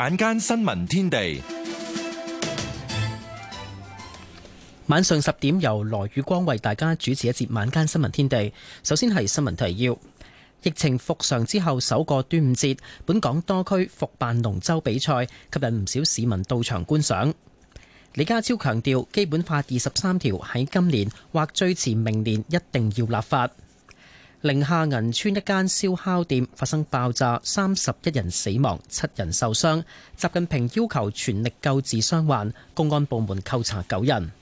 晚間新聞天地，晚上十點由羅宇光為大家主持一節晚間新聞天地。首先係新聞提要：疫情復常之後，首個端午節，本港多區復辦龍舟比賽，吸引唔少市民到場觀賞。李家超強調，基本法二十三條喺今年或最遲明年一定要立法。寧夏銀川一間燒烤店發生爆炸，三十一人死亡，七人受傷。習近平要求全力救治傷患，公安部門扣查九人。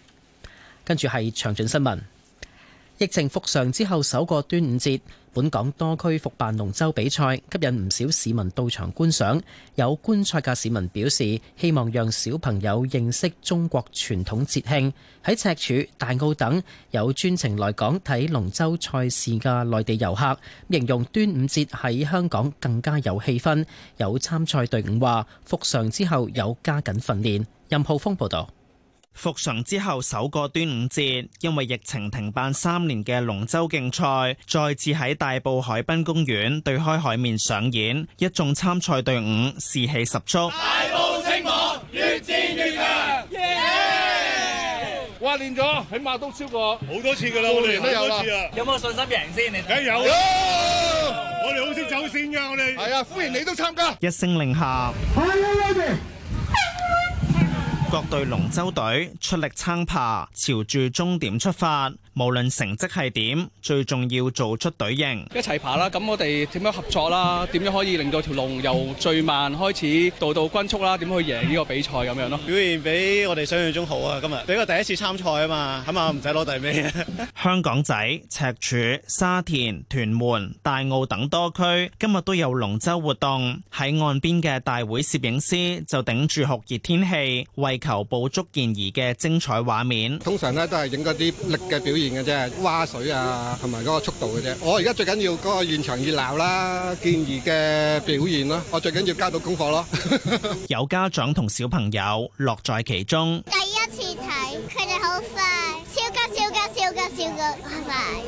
跟住係詳盡新聞：疫情復常之後首個端午節。本港多區復辦龍舟比賽，吸引唔少市民到場觀賞。有觀賽嘅市民表示，希望讓小朋友認識中國傳統節慶。喺赤柱、大澳等有專程來港睇龍舟賽事嘅內地遊客，形容端午節喺香港更加有氣氛。有參賽隊伍話，復常之後有加緊訓練。任浩峰報道。復常之後首個端午節，因為疫情停辦三年嘅龍舟競賽，再次喺大埔海濱公園對開海面上演，一眾參賽隊伍士氣十足。大埔青芒越戰越強，yeah! yeah!，哇，練咗，起碼都超過好多次噶啦，啊 yeah! yeah! 啊，我哋都有次啊，有冇信心贏先？你梗有，我哋好識走線噶，我哋係啊，歡迎你都參加。一聲令下，hi, hi, hi, hi. 各隊龍舟隊出力撐爬，朝住終點出發。無論成績係點，最重要做出隊形，一齊爬啦。咁我哋點樣合作啦？點樣可以令到條龍由最慢開始度到均速啦？點去贏呢個比賽咁樣咯？表現比我哋想象中好啊！今日係我第一次參賽啊嘛，起碼唔使攞第尾啊！ 香港仔、赤柱、沙田、屯門、大澳等多區今日都有龍舟活動，喺岸邊嘅大會攝影師就頂住酷熱天氣，為求捕捉健兒嘅精彩畫面。通常呢，都係影嗰啲力嘅表現。嘅啫，劃水啊，同埋嗰個速度嘅啫。我而家最緊要嗰個現場熱鬧啦，建議嘅表現咯。我最緊要交到功課咯。有家長同小朋友樂在其中。第一次睇，佢哋好快。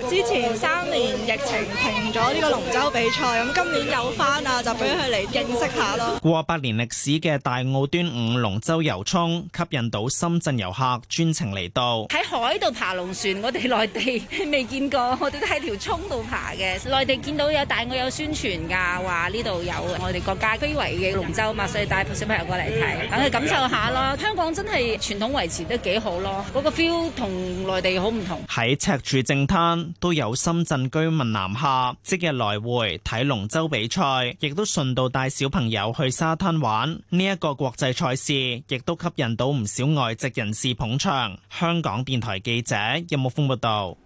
之前三年疫情停咗呢個龍舟比賽，咁今年又翻啊，就俾佢嚟認識下咯。過百年歷史嘅大澳端午龍舟遊涌，吸引到深圳遊客專程嚟到。喺海度爬龍船，我哋內地未見過，我哋都喺條涌度爬嘅。內地見到有大澳有宣傳噶，話呢度有我哋國家非遺嘅龍舟嘛，所以帶小朋友過嚟睇，等佢感受下咯。香港真係傳統維持得幾好咯，嗰個 feel 同內地好唔同。係。赤柱正灘都有深圳居民南下，即日來回睇龍舟比賽，亦都順道帶小朋友去沙灘玩。呢一個國際賽事亦都吸引到唔少外籍人士捧場。香港電台記者任木峰報道。有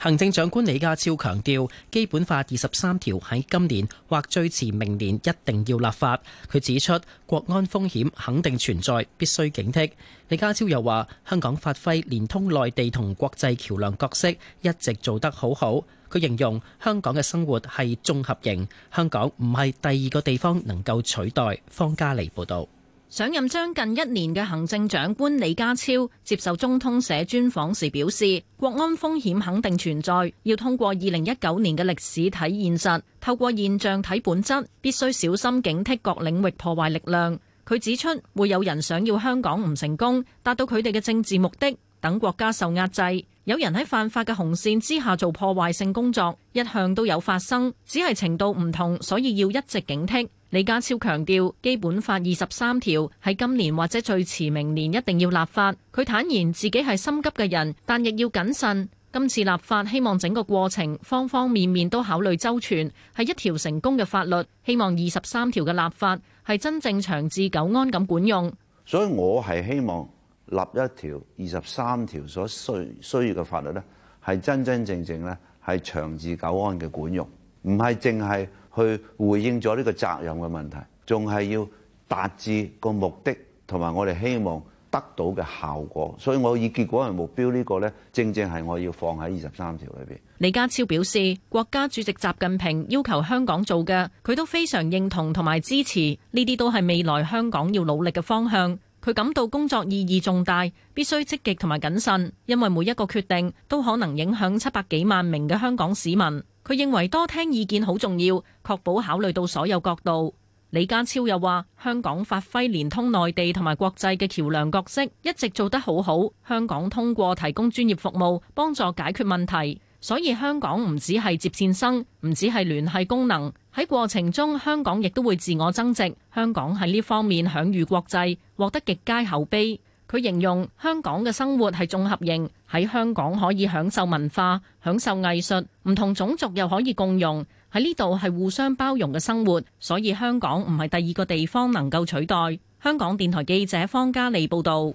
行政長官李家超強調，基本法二十三條喺今年或最遲明年一定要立法。佢指出，國安風險肯定存在，必須警惕。李家超又話，香港發揮連通內地同國際橋梁角色，一直做得好好。佢形容香港嘅生活係綜合型，香港唔係第二個地方能夠取代。方家莉報導。上任將近一年嘅行政長官李家超接受中通社專訪時表示，國安風險肯定存在，要通過二零一九年嘅歷史睇現實，透過現象睇本質，必須小心警惕各領域破壞力量。佢指出，會有人想要香港唔成功，達到佢哋嘅政治目的，等國家受壓制。有人喺犯法嘅紅線之下做破壞性工作，一向都有發生，只係程度唔同，所以要一直警惕。李家超強調，基本法二十三條喺今年或者最遲明年一定要立法。佢坦言自己係心急嘅人，但亦要謹慎。今次立法希望整個過程方方面面都考慮周全，係一條成功嘅法律。希望二十三條嘅立法係真正長治久安咁管用。所以我係希望。立一條二十三條所需需要嘅法律咧，係真真正正咧，係長治久安嘅管用，唔係淨係去回應咗呢個責任嘅問題，仲係要達至個目的同埋我哋希望得到嘅效果。所以我以結果為目標這個呢個咧，正正係我要放喺二十三條裏邊。李家超表示，國家主席習近平要求香港做嘅，佢都非常認同同埋支持，呢啲都係未來香港要努力嘅方向。佢感到工作意義重大，必須積極同埋謹慎，因為每一個決定都可能影響七百幾萬名嘅香港市民。佢認為多聽意見好重要，確保考慮到所有角度。李家超又話香港發揮連通內地同埋國際嘅橋樑角色，一直做得好好。香港通過提供專業服務幫助解決問題，所以香港唔止係接線生，唔止係聯繫功能。喺過程中，香港亦都會自我增值。香港喺呢方面享譽國際，獲得極佳口碑。佢形容香港嘅生活係綜合型，喺香港可以享受文化、享受藝術，唔同種族又可以共融。喺呢度係互相包容嘅生活。所以香港唔係第二個地方能夠取代。香港電台記者方嘉莉報導。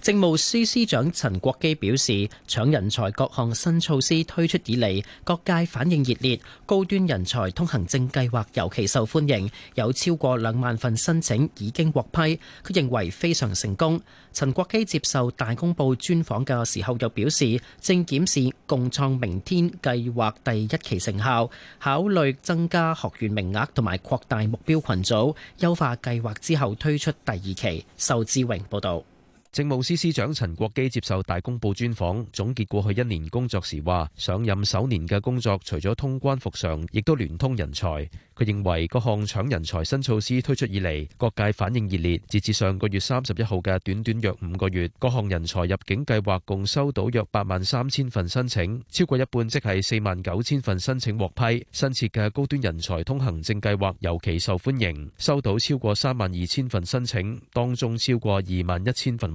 政務司司長陳國基表示，搶人才各項新措施推出以嚟，各界反應熱烈，高端人才通行證計劃尤其受歡迎，有超過兩萬份申請已經獲批。佢認為非常成功。陳國基接受大公報專訪嘅時候又表示，正檢視共創明天計劃第一期成效，考慮增加學員名額同埋擴大目標群組，優化計劃之後推出第二期。仇志榮報道。政務司司長陳國基接受《大公報》專訪，總結過去一年工作時話：上任首年嘅工作，除咗通關復常，亦都聯通人才。佢認為各項搶人才新措施推出以嚟，各界反應熱烈。截至上個月三十一號嘅短短約五個月，各項人才入境計劃共收到約八萬三千份申請，超過一半即係四萬九千份申請獲批。新設嘅高端人才通行證計劃尤其受歡迎，收到超過三萬二千份申請，當中超過二萬一千份。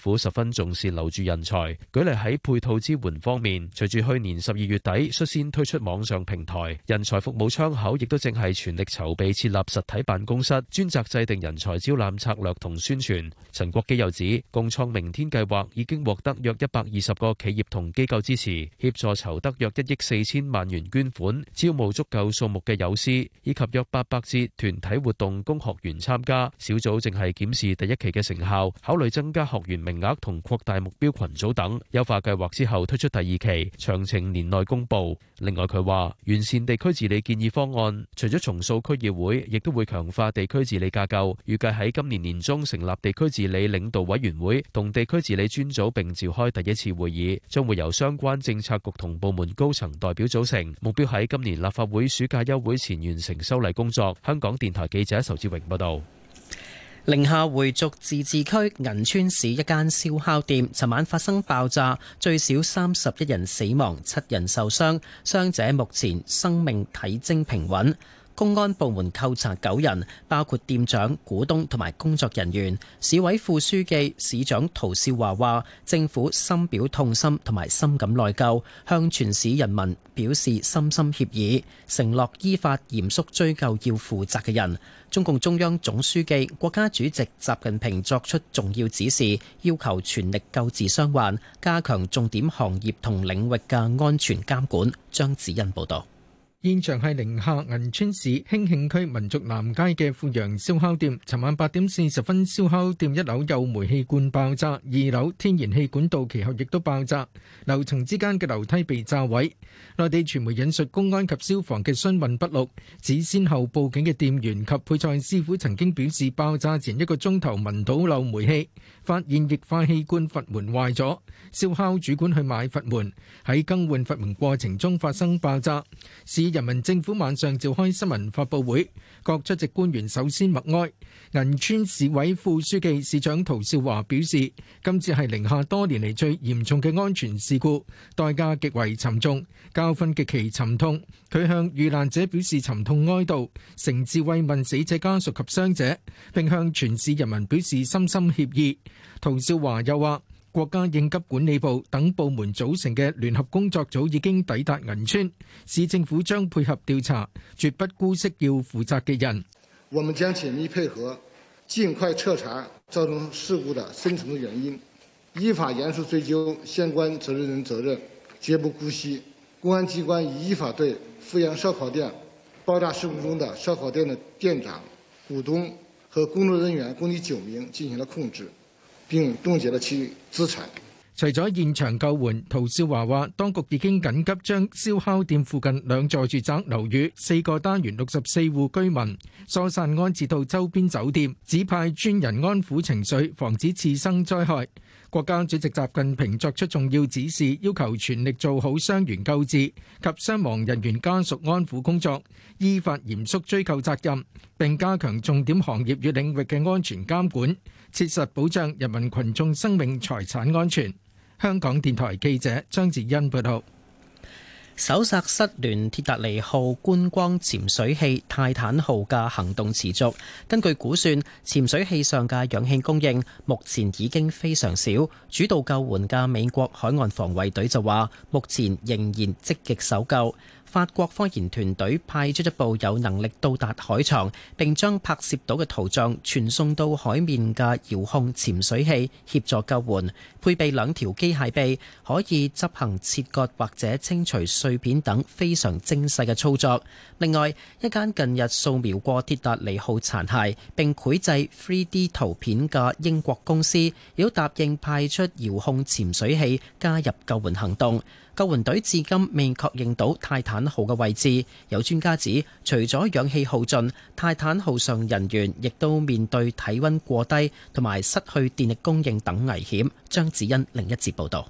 府十分重視留住人才，舉例喺配套支援方面，隨住去年十二月底率先推出網上平台，人才服務窗口亦都正係全力籌備設立實體辦公室，專責制定人才招攬策略同宣傳。陳國基又指，共創明天計劃已經獲得約一百二十個企業同機構支持，協助籌得約一億四千萬元捐款，招募足夠數目嘅導師，以及約八百節團體活動供學員參加。小組正係檢視第一期嘅成效，考慮增加學員名。名額同擴大目標群組等優化計劃，之後推出第二期，詳情年內公布。另外他說，佢話完善地區治理建議方案，除咗重塑區議會，亦都會強化地區治理架構。預計喺今年年中成立地區治理領導委員會同地區治理專組，並召開第一次會議，將會由相關政策局同部門高層代表組成。目標喺今年立法會暑假休會前完成修例工作。香港電台記者仇志榮報道。寧夏回族自治區銀川市一間燒烤店尋晚發生爆炸，最少三十一人死亡，七人受傷，傷者目前生命體徵平穩。公安部門扣查九人，包括店長、股東同埋工作人員。市委副書記、市長陶少華話，政府深表痛心同埋深感內疚，向全市人民表示深深歉意，承諾依法嚴肅追究要負責嘅人。中共中央總書記、國家主席習近平作出重要指示，要求全力救治傷患，加強重點行業同領域嘅安全監管。張子欣報道。現場係寧夏銀川市興慶區民族南街嘅富陽燒烤店。尋晚八點四十分，燒烤店一樓有煤氣罐爆炸，二樓天然氣管道其後亦都爆炸，樓層之間嘅樓梯被炸毀。內地傳媒引述公安及消防嘅詢問筆錄，指先後報警嘅店員及配菜師傅曾經表示，爆炸前一個鐘頭聞到漏煤氣，發現液化氣罐閥門壞咗，燒烤主管去買閥門，喺更換閥門過程中發生爆炸。是。人民政府晚上召開新聞發布會，各出席官員首先默哀。銀川市委副書記、市長陶少華表示，今次係寧夏多年嚟最嚴重嘅安全事故，代價極為沉重，教訓極其沉痛。佢向遇難者表示沉痛哀悼，誠摯慰問死者家屬及傷者，並向全市人民表示深深歉意。陶少華又話。國家應急管理部等部門，組成嘅聯合工作組已經抵達銀川，市政府將配合調查，絕不姑息要負責嘅人。我們將緊密配合，盡快徹查造成事故的深層原因，依法嚴肅追究相關責任人責任，絕不姑息。公安機關已依法對富洋燒烤店爆炸事故中的燒烤店的店長、股東和工作人員共計九名進行了控制。並凍結了其餘資產。除咗現場救援，陶少華話，當局已經緊急將燒烤店附近兩座住宅樓宇、四個單元、六十四戶居民疏散安置到周邊酒店，指派專人安撫情緒，防止次生災害。國家主席習近平作出重要指示，要求全力做好傷員救治及傷亡人員家屬安撫工作，依法嚴肅追究責任，並加強重點行業與領域嘅安全監管。切實保障人民群眾生命財產安全。香港電台記者張志恩報道。搜索失聯鐵達尼號觀光潛水器泰坦號嘅行動持續。根據估算，潛水器上嘅氧氣供應目前已經非常少。主導救援嘅美國海岸防衛隊就話，目前仍然積極搜救。法國科研團隊派出一部有能力到達海床並將拍攝到嘅圖像傳送到海面嘅遙控潛水器協助救援，配備兩條機械臂，可以執行切割或者清除碎片等非常精細嘅操作。另外，一間近日掃描過鐵達尼號殘骸並繪製 3D 圖片嘅英國公司，亦都答應派出遙控潛水器加入救援行動。救援隊至今未確認到泰坦號嘅位置。有專家指，除咗氧氣耗盡，泰坦號上人員亦都面對體温過低同埋失去電力供應等危險。張子欣。另一節報導，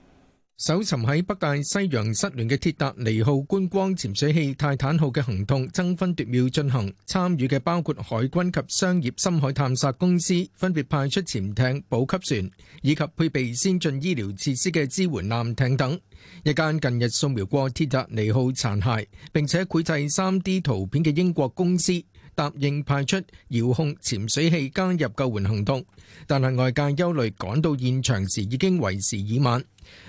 搜尋喺北大西洋失聯嘅鐵達尼號觀光潛水器泰坦號嘅行動爭分奪秒進行，參與嘅包括海軍及商業深海探索公司，分別派出潛艇、補給船以及配備先進醫療設施嘅支援艦艇等。一間近日掃描過鐵達尼號殘骸，並且繪製 3D 圖片嘅英國公司，答應派出遙控潛水器加入救援行動。但係外界憂慮趕到現場時已經為時已晚。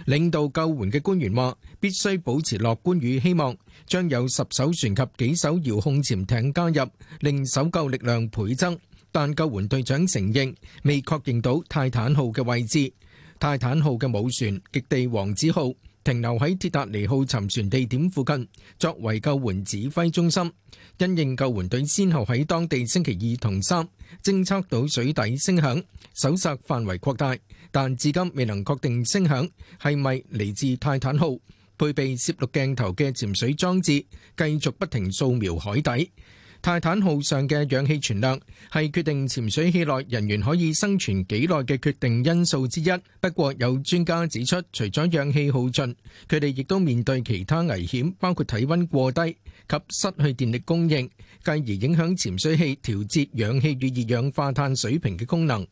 領導救援嘅官員話，必須保持樂觀與希望，將有十艘船及幾艘遙控潛艇加入，令搜救力量倍增。但救援隊長承認未確認到泰坦號嘅位置。泰坦號嘅母船極地王子號。停留喺鐵達尼號沉船地點附近，作為救援指揮中心。因應救援隊先後喺當地星期二同三偵測到水底聲響，搜索範圍擴大，但至今未能確定聲響係咪嚟自泰坦號。配備攝錄鏡頭嘅潛水裝置繼續不停掃描海底。泰坦號上嘅氧氣存量係決定潛水器內人員可以生存幾耐嘅決定因素之一。不過有專家指出，除咗氧氣耗盡，佢哋亦都面對其他危險，包括體溫過低及失去電力供應，繼而影響潛水器調節氧氣與二氧化碳水平嘅功能。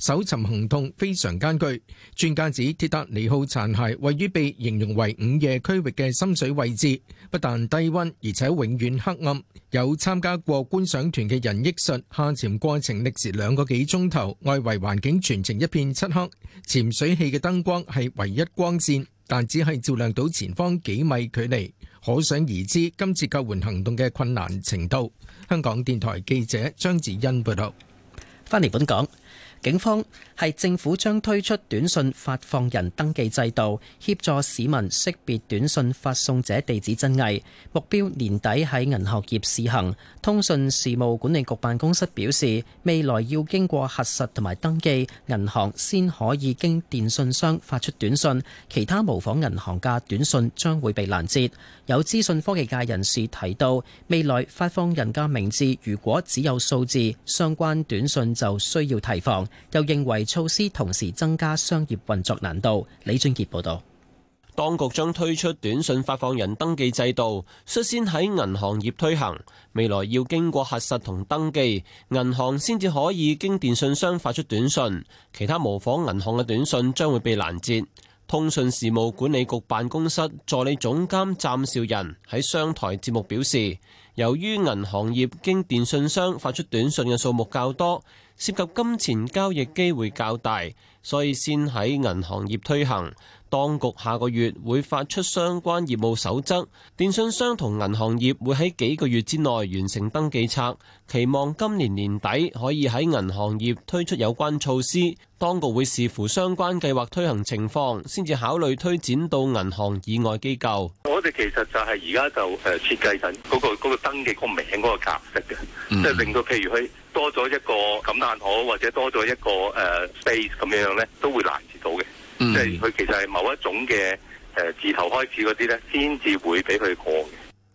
搜尋行動非常艱巨，專家指鐵達尼號殘骸位於被形容為午夜區域嘅深水位置，不但低溫，而且永遠黑暗。有參加過觀賞團嘅人憶述，下潛過程歷時兩個幾鐘頭，外圍環境全程一片漆黑，潛水器嘅燈光係唯一光線，但只係照亮到前方幾米距離。可想而知今次救援行動嘅困難程度。香港電台記者張子欣報道。翻嚟本港。警方係政府將推出短信發放人登記制度，協助市民識別短信發送者地址真偽，目標年底喺銀行業試行。通訊事務管理局辦公室表示，未來要經過核實同埋登記銀行，先可以經電信商發出短信。其他模仿銀行嘅短信將會被攔截。有資訊科技界人士提到，未來發放人家名字如果只有數字，相關短信就需要提防。又認為措施同時增加商業運作難度。李俊傑報導，當局將推出短信發放人登記制度，率先喺銀行業推行。未來要經過核實同登記，銀行先至可以經電信商發出短信。其他模仿銀行嘅短信將會被攔截。通訊事務管理局辦公室助理總監湛兆仁喺商台節目表示，由於銀行業經電信商發出短信嘅數目較多。涉及金錢交易機會較大，所以先喺銀行業推行。當局下個月會發出相關業務守則，電信商同銀行業會喺幾個月之內完成登記冊，期望今年年底可以喺銀行業推出有關措施。當局會視乎相關計劃推行情況，先至考慮推展到銀行以外機構。我哋其實就係而家就誒設計緊嗰個個登記個名嗰個格式嘅，即係令到譬如佢多咗一個感嘆號或者多咗一個誒 space 咁樣咧，都會攔截到嘅。即係佢其實係某一種嘅誒字頭開始嗰啲呢，先至會俾佢過嘅。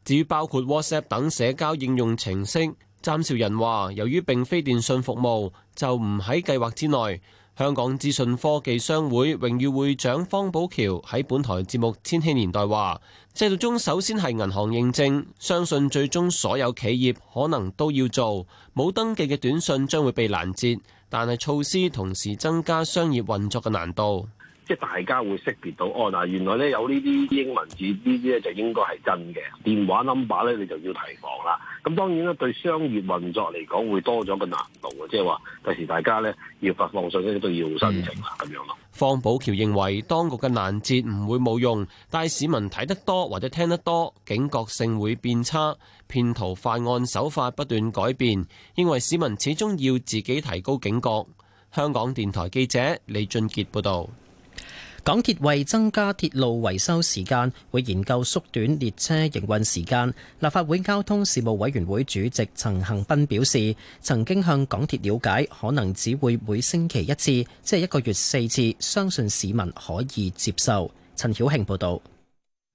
至於包括 WhatsApp 等社交應用程式，詹兆仁話：由於並非電信服務，就唔喺計劃之內。香港資訊科技商會榮譽會長方寶橋喺本台節目《千禧年代》話：制度中首先係銀行認證，相信最終所有企業可能都要做，冇登記嘅短訊將會被攔截，但係措施同時增加商業運作嘅難度。即係大家會識別到哦嗱，原來咧有呢啲英文字呢啲咧，這些就應該係真嘅電話 number 咧，你就要提防啦。咁當然啦，對商業運作嚟講會多咗個難度啊。即係話第時大家咧要發放信息都要申請啦，咁樣咯。方寶橋認為當局嘅攔截唔會冇用，但係市民睇得多或者聽得多警覺性會變差，騙徒犯案手法不斷改變，認為市民始終要自己提高警覺。香港電台記者李俊傑報道。港鐵為增加鐵路維修時間，會研究縮短列車營運時間。立法會交通事務委員會主席陳恒鑌表示，曾經向港鐵了解，可能只會每星期一次，即係一個月四次，相信市民可以接受。陳曉慶報導。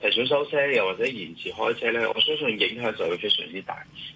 提早收車又或者延遲開車咧，我相信影響就會非常之大。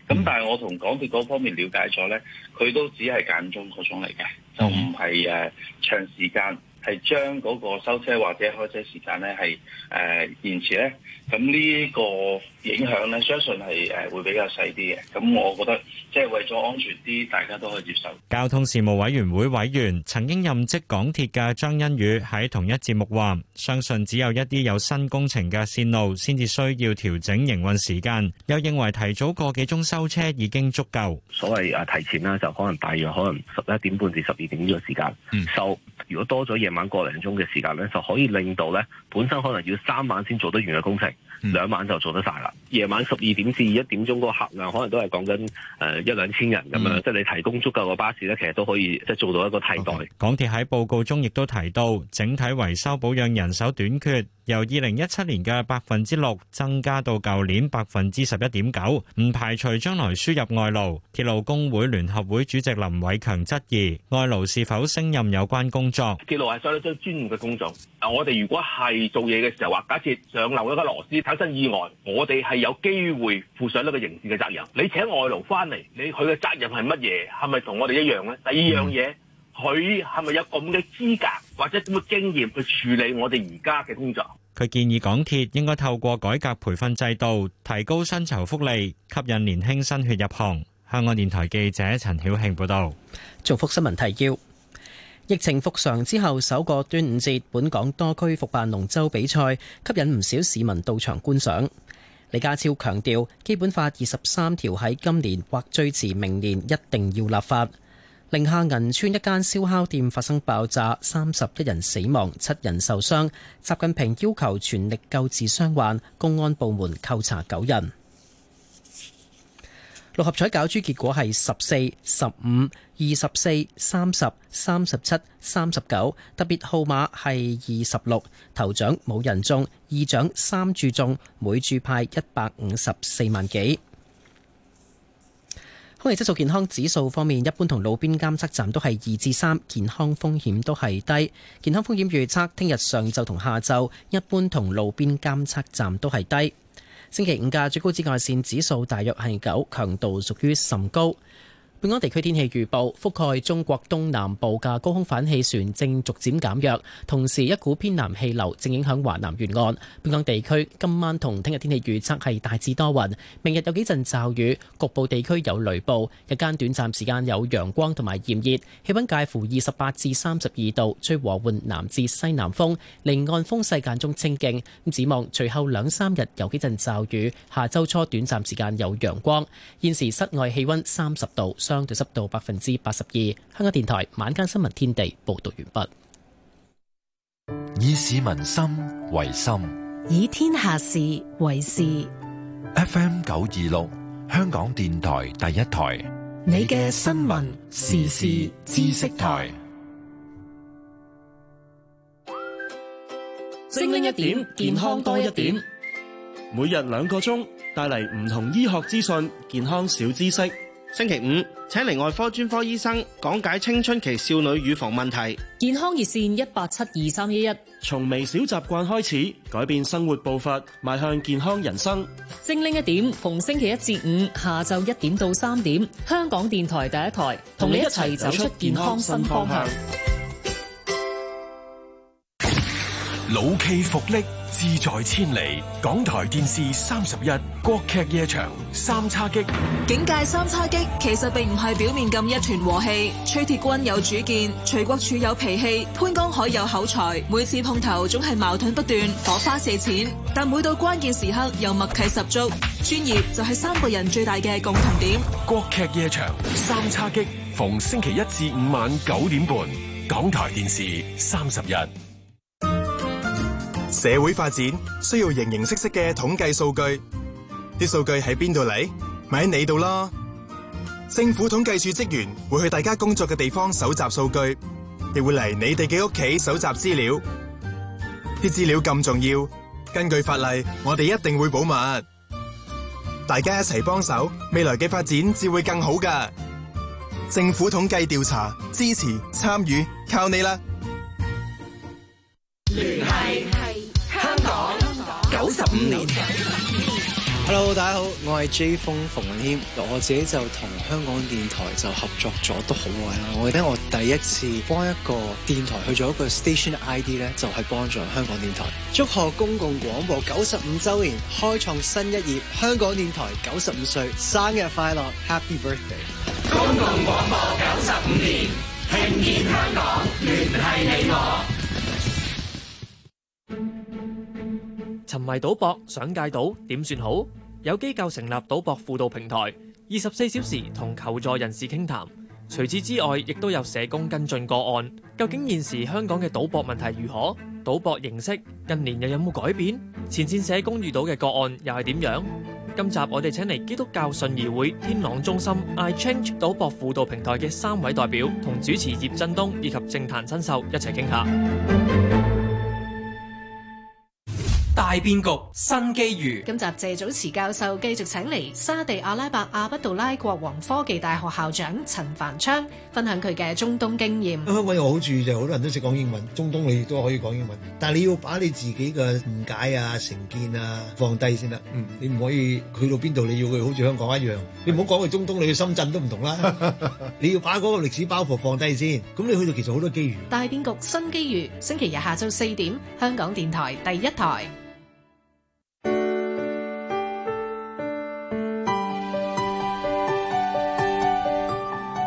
咁但係我同港鐵嗰方面了解咗咧，佢都只係間中嗰種嚟嘅，就唔係誒長時間。係將嗰個收車或者開車時間咧係誒延遲咧，咁呢個影響咧相信係誒會比較細啲嘅。咁我覺得即係為咗安全啲，大家都可以接受。交通事務委員會委員曾經任職港鐵嘅張欣宇喺同一節目話：相信只有一啲有新工程嘅線路先至需要調整營運時間。又認為提早個幾鐘收車已經足夠。所謂誒提前啦，就可能大約可能十一點半至十二點呢個時間、嗯、收。如果多咗嘢。晚個零鐘嘅時間咧，就可以令到咧，本身可能要三晚先做得完嘅工程。兩晚就做得曬啦。夜晚十二點至一點鐘嗰個客量，可能都係講緊誒一兩千人咁樣，即係你提供足夠個巴士咧，其實都可以即係做到一個替代。港鐵喺報告中亦都提到，整體維修保養人手短缺，由二零一七年嘅百分之六增加到舊年百分之十一點九，唔排除將來輸入外勞。鐵路工會聯合會主席林偉強質疑外勞是否升任有關工作，鐵路係相當之專業嘅工作，啊，我哋如果係做嘢嘅時候話，假設上漏咗個螺絲。發生意外，我哋係有機會負上呢個刑事嘅責任。你請外勞翻嚟，你佢嘅責任係乜嘢？係咪同我哋一樣咧？第二樣嘢，佢係咪有咁嘅資格或者咁嘅經驗去處理我哋而家嘅工作？佢建議港鐵應該透過改革培訓制度，提高薪酬福利，吸引年輕新血入行。香港電台記者陳曉慶報道。重複新聞提要。疫情復常之後，首個端午節，本港多區復辦龍舟比賽，吸引唔少市民到場觀賞。李家超強調，《基本法》二十三條喺今年或最遲明年一定要立法。寧夏銀川一間燒烤店發生爆炸，三十一人死亡，七人受傷。習近平要求全力救治傷患，公安部門扣查九人。六合彩攪珠結果係十四、十五、二十四、三十、三十七、三十九，特別號碼係二十六。頭獎冇人中，二獎三注中，每注派一百五十四萬幾。空氣質素健康指數方面，一般同路邊監測站都係二至三，健康風險都係低。健康風險預測，聽日上晝同下晝一般同路邊監測站都係低。星期五嘅最高紫外線指數大約係九，強度屬於甚高。本港地區天氣預報，覆蓋中國東南部嘅高空反氣旋正逐漸減弱，同時一股偏南氣流正影響華南沿岸。本港地區今晚同聽日天氣預測係大致多雲，明日有幾陣驟雨，局部地區有雷暴，日間短暫時間有陽光同埋炎熱，氣温介乎二十八至三十二度，吹和緩南至西南風，離岸風勢間中清勁。咁展望隨後兩三日有幾陣驟雨，下周初短暫時間有陽光。現時室外氣温三十度。相對濕度百分之八十二。香港電台晚間新聞天地報道完畢。以市民心為心，以天下事為事。FM 九二六，香港電台第一台，你嘅新聞時事知識台，聲音一,一,一點，健康多一點。每日兩個鐘，帶嚟唔同醫學資訊，健康小知識。星期五，請嚟外科專科醫生講解青春期少女乳房問題。健康熱線一八七二三一一，從微小習慣開始，改變生活步伐，邁向健康人生。精靈一點，逢星期一至五下晝一點到三點，香港電台第一台，同你一齊走出健康新方向。老 K 福力。志在千里，港台電視三十一國劇夜場三叉戟警界三叉戟，其實並唔係表面咁一團和氣。崔鐵軍有主見，徐國柱有脾氣，潘江海有口才，每次碰頭總係矛盾不斷，火花四濺。但每到關鍵時刻又默契十足，專業就係三個人最大嘅共同點。國劇夜場三叉戟，逢星期一至五晚九點半，港台電視三十一。社會發展需要形形色色嘅統計數據，啲數據喺邊度嚟？咪喺你度咯。政府統計處職員會去大家工作嘅地方搜集數據，亦會嚟你哋嘅屋企搜集資料。啲資料咁重要，根據法例，我哋一定會保密。大家一齊幫手，未來嘅發展至會更好㗎。政府統計調查，支持參與，靠你啦！聯繫。香港九十五年，年，年，Hello，大家好，我係 J 風馮允謙，我自己就同香港電台就合作咗都好耐啦。我記得我第一次幫一個電台去做一個 station ID 咧，就係幫助香港電台祝賀公共廣播九十五周年，開創新一頁。香港電台九十五歲生日快樂，Happy Birthday！公共廣播九十五年，聽見香港，聯繫你我。沉迷賭博想戒賭點算好？有機構成立賭博輔導平台，二十四小時同求助人士傾談。除此之外，亦都有社工跟進個案。究竟現時香港嘅賭博問題如何？賭博形式近年又有冇改變？前線社工遇到嘅個案又係點樣？今集我哋請嚟基督教信義會天朗中心 iChange 賭博輔導平台嘅三位代表，同主持葉振東以及政壇新秀一齊傾下。大變局，新機遇。今集謝祖慈教授繼續請嚟沙地阿拉伯阿卜杜拉國王科技大學校長陳凡昌，分享佢嘅中東經驗。香港有好處就好多人都識講英文，中東你都可以講英文。但係你要把你自己嘅誤解啊、成見啊放低先啦。嗯，你唔可以去到邊度，你要去好似香港一樣。你唔好講去中東，你去深圳都唔同啦。 你要把嗰個歷史包袱放低先。咁你去到其實好多機遇。大變局，新機遇。星期日下晝四點，香港電台第一台。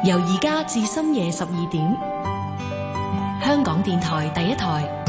由而家至深夜十二點，香港電台第一台。